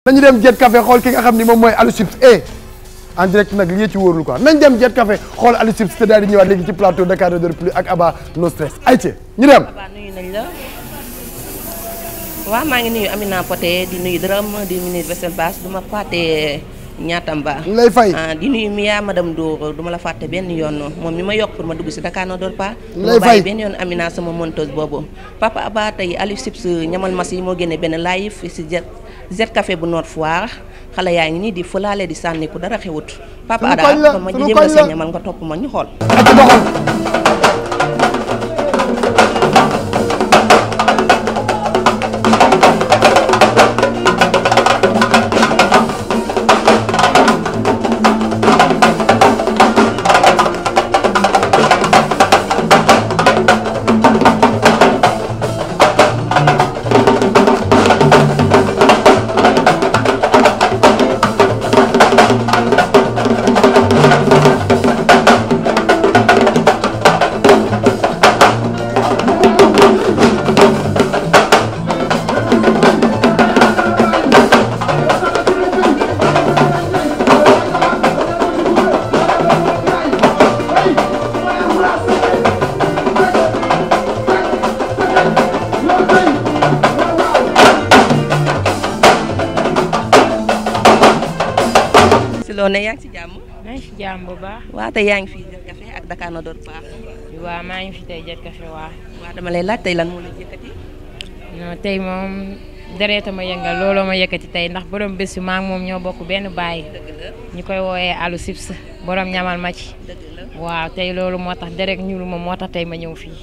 nañu dem Jet Café xool ki nga xam ni moom mooy Aliou Chips e en direct nag lii ci wóorul quoi nañ dem Jet Café xool Aliou Chips te daal di ñëwaat léegi ci plateau Dakar ne dort plus ak Aba no stress ayca ñu dem. Aba nuyu nañ la waaw maa ngi nuyu Amina Poté di nuyu Dërëm di nuyu Vessel Bass du ma fàtte ñaatam ba lay fay ah, di nuyu Mia madame Dour du ma la fàtte benn yoon moom mi ma yokk pour ma dugg si Dakar ne dort pas. lay fay ma bàyyi benn yoon Amina sama monteuse boobu Papa Aba tey Aliou Chips ñamal mas si Jet. Z Café bu Nord Foire xale yaa ngi nii di fëlaale di sànniku dara xewut papa Ada ma jéem a saña man nga topp ma ñu xool si loo yaa ngi ci jàmm. maa ngi jàmm bu baax. waaw yaa ngi fii jël café ak Dakar na baax. waaw maa ngi fii tey jël café waaw. waaw dama lay laaj tey lan moo la yëkkati. tey moom dereeta ma yëngal looloo ma yëkkati tey ndax boroom bés bi maa moom ñoo bokk benn baay. ñu koy wooyee alu sips boroom ñamal ma ci. waaw tey loolu moo tax deret ñuul ma moo tax tey ma ñëw fii.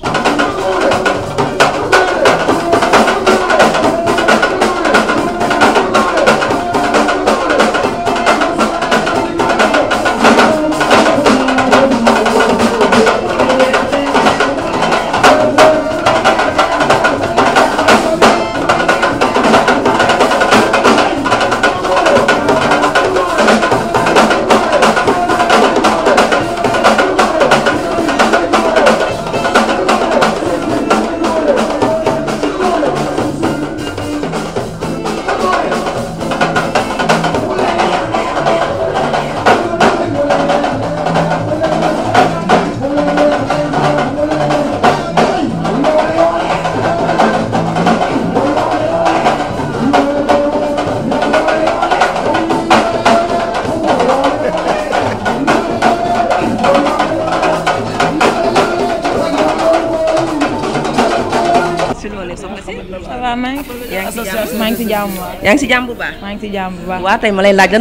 maa ngi ci jàmm yaa ngi si jàmm bu baax maa ngi si jàmm bu baax waa tey ma lay laaj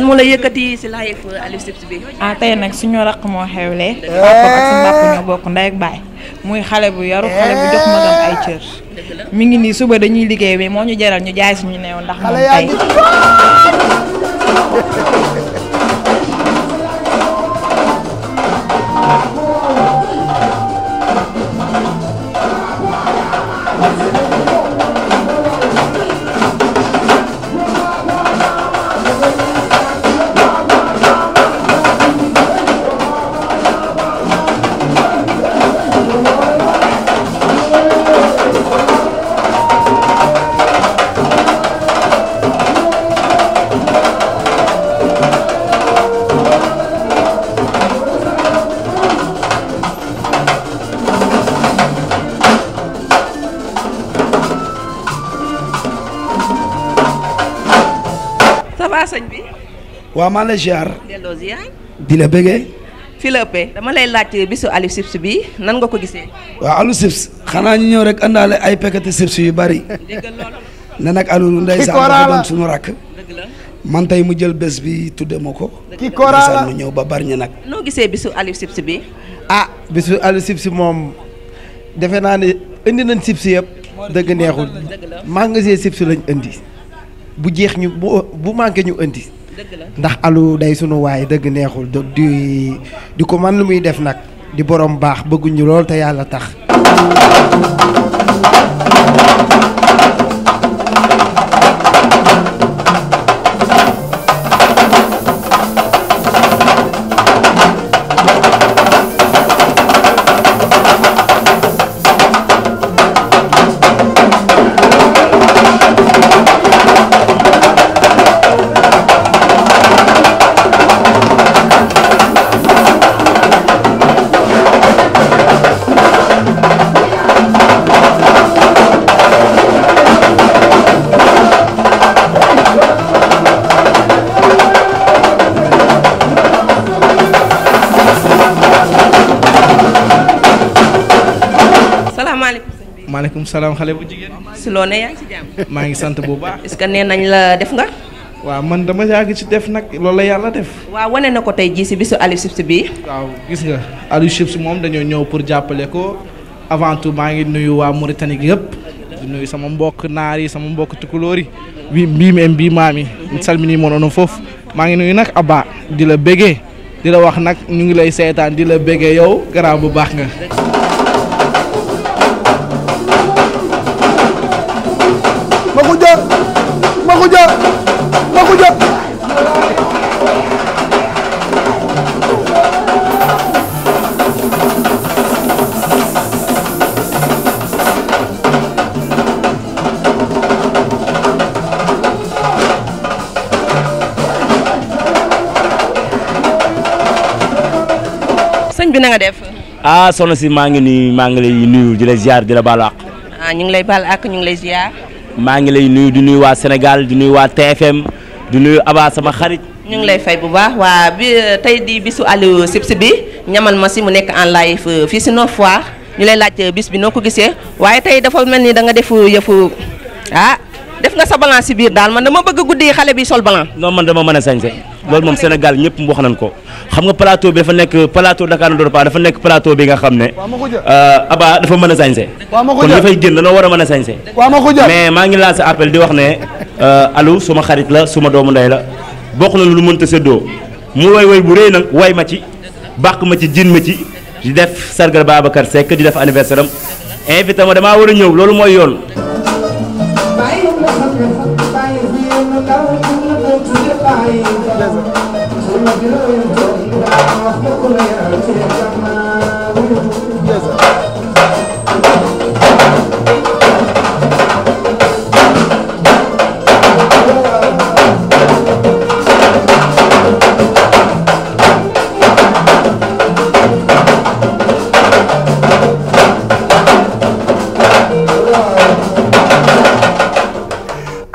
si live Alou bi ah tey nag suñu raq moo xewle papa bokk ndey ak baay xale bu yaru ay cër mi ngi nii suba dañuy liggéey moo ñu jaral ñu jaay suñu neew ndax moom ça va sëñ bi. waaw maa lay ziar. di la bëggee. fii la dama lay laajte bisu Aliou Sips bi nan nga ko gisee. waaw Aliou Sips xanaa ñu ñëw rek andaale ay pekkati Sips yu bari. dégg nga loolu. ne nag Aliou ndeysaan dafa doon suñu rakk. man tey mu jël bés bi tudde ko. ki koraala mu ñëw ba bari ñu nag. noo gisee bisu Aliou Sips bi. ah bisu Aliou Sips moom defe naa ne indi nañ Sips yëpp. dëgg neexul maa nga see Sips lañ indi. bu jeex ñu bu bu manqué ñu indi. ndax alu day sunu waay dëgg neexul di di ko man lu muy def nag di borom baax bëgguñu lool te yàlla tax. maaleykum jigéen. si loo ne yaa maa ngi sant bu baax. est-ce nañ la def nga. waaw man dama yàgg ci def nag loolu la yàlla def. waaw wane na ko tey jii si bi Aliou Chips bi. waaw gis nga Aliou Chips moom dañoo ñëw pour jàppale ko avant tout maa ngi nuyu waa Mauritanie gi yëpp. di nuyu sama mbokk naar yi sama mbokk tukulóor yi. bii mbii mbii maam yi. salmini moo noonu foofu. maa ngi nuyu nag Abba di la bëggee di la wax nag ñu ngi lay seetaan di la bëggee yow garaaw bu baax nga. bi def. ah soxna si maa ngi nuyu maa ngi lay nuyu di la ziar di la baalu àq. Ah, ñu ngi lay baal ak ñu ngi lay ziar. maa ngi lay nuyu di nuyu waa Sénégal di nuyu waa TFM di nuyu Aba sama xarit. ñu ngi lay fay bu baax waa bi euh, tey di bisu Aliou Sibsi bi ñamal ma si mu nekk en live euh, fii si Nord Foire ñu lay laaj euh, bis bi noo ko gisee waaye tey dafa mel ni da nga def yëfu ah def nga sa balance si biir daal man dama bëgg guddi xale bi sol balance. non man dama mën a sañse loolu moom Sénégal ñëpp wax nañ ko xam nga plateau bi dafa nekk plateau Dakar ne dort pas dafa nekk plateau bi nga xam ne Aba euh, dafa mën a sañse kon ñi fay génn dañoo war a mën a sañse mais maa ngi lancé appel di wax ne euh, Alou suma xarit la suma doomu ndey la bokk na lu mënta séddoo mu way way bu rëy nag way ma ci bàq ma ci jin ma ci di def sargal Babacar Seck di def anniversaire am invité ma damaa war a ñëw loolu mooy yoon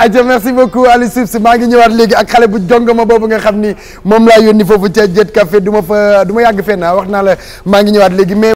aja merci beaucoup Aliou Soubs maa ngi ñëwaat léegi ak xale bu jongoma boobu nga xam ni moom laa yónni foofu ca Jet Café du ma fa du ma yàgg fenn wax naa la maa ngi ñëwaat léegi mais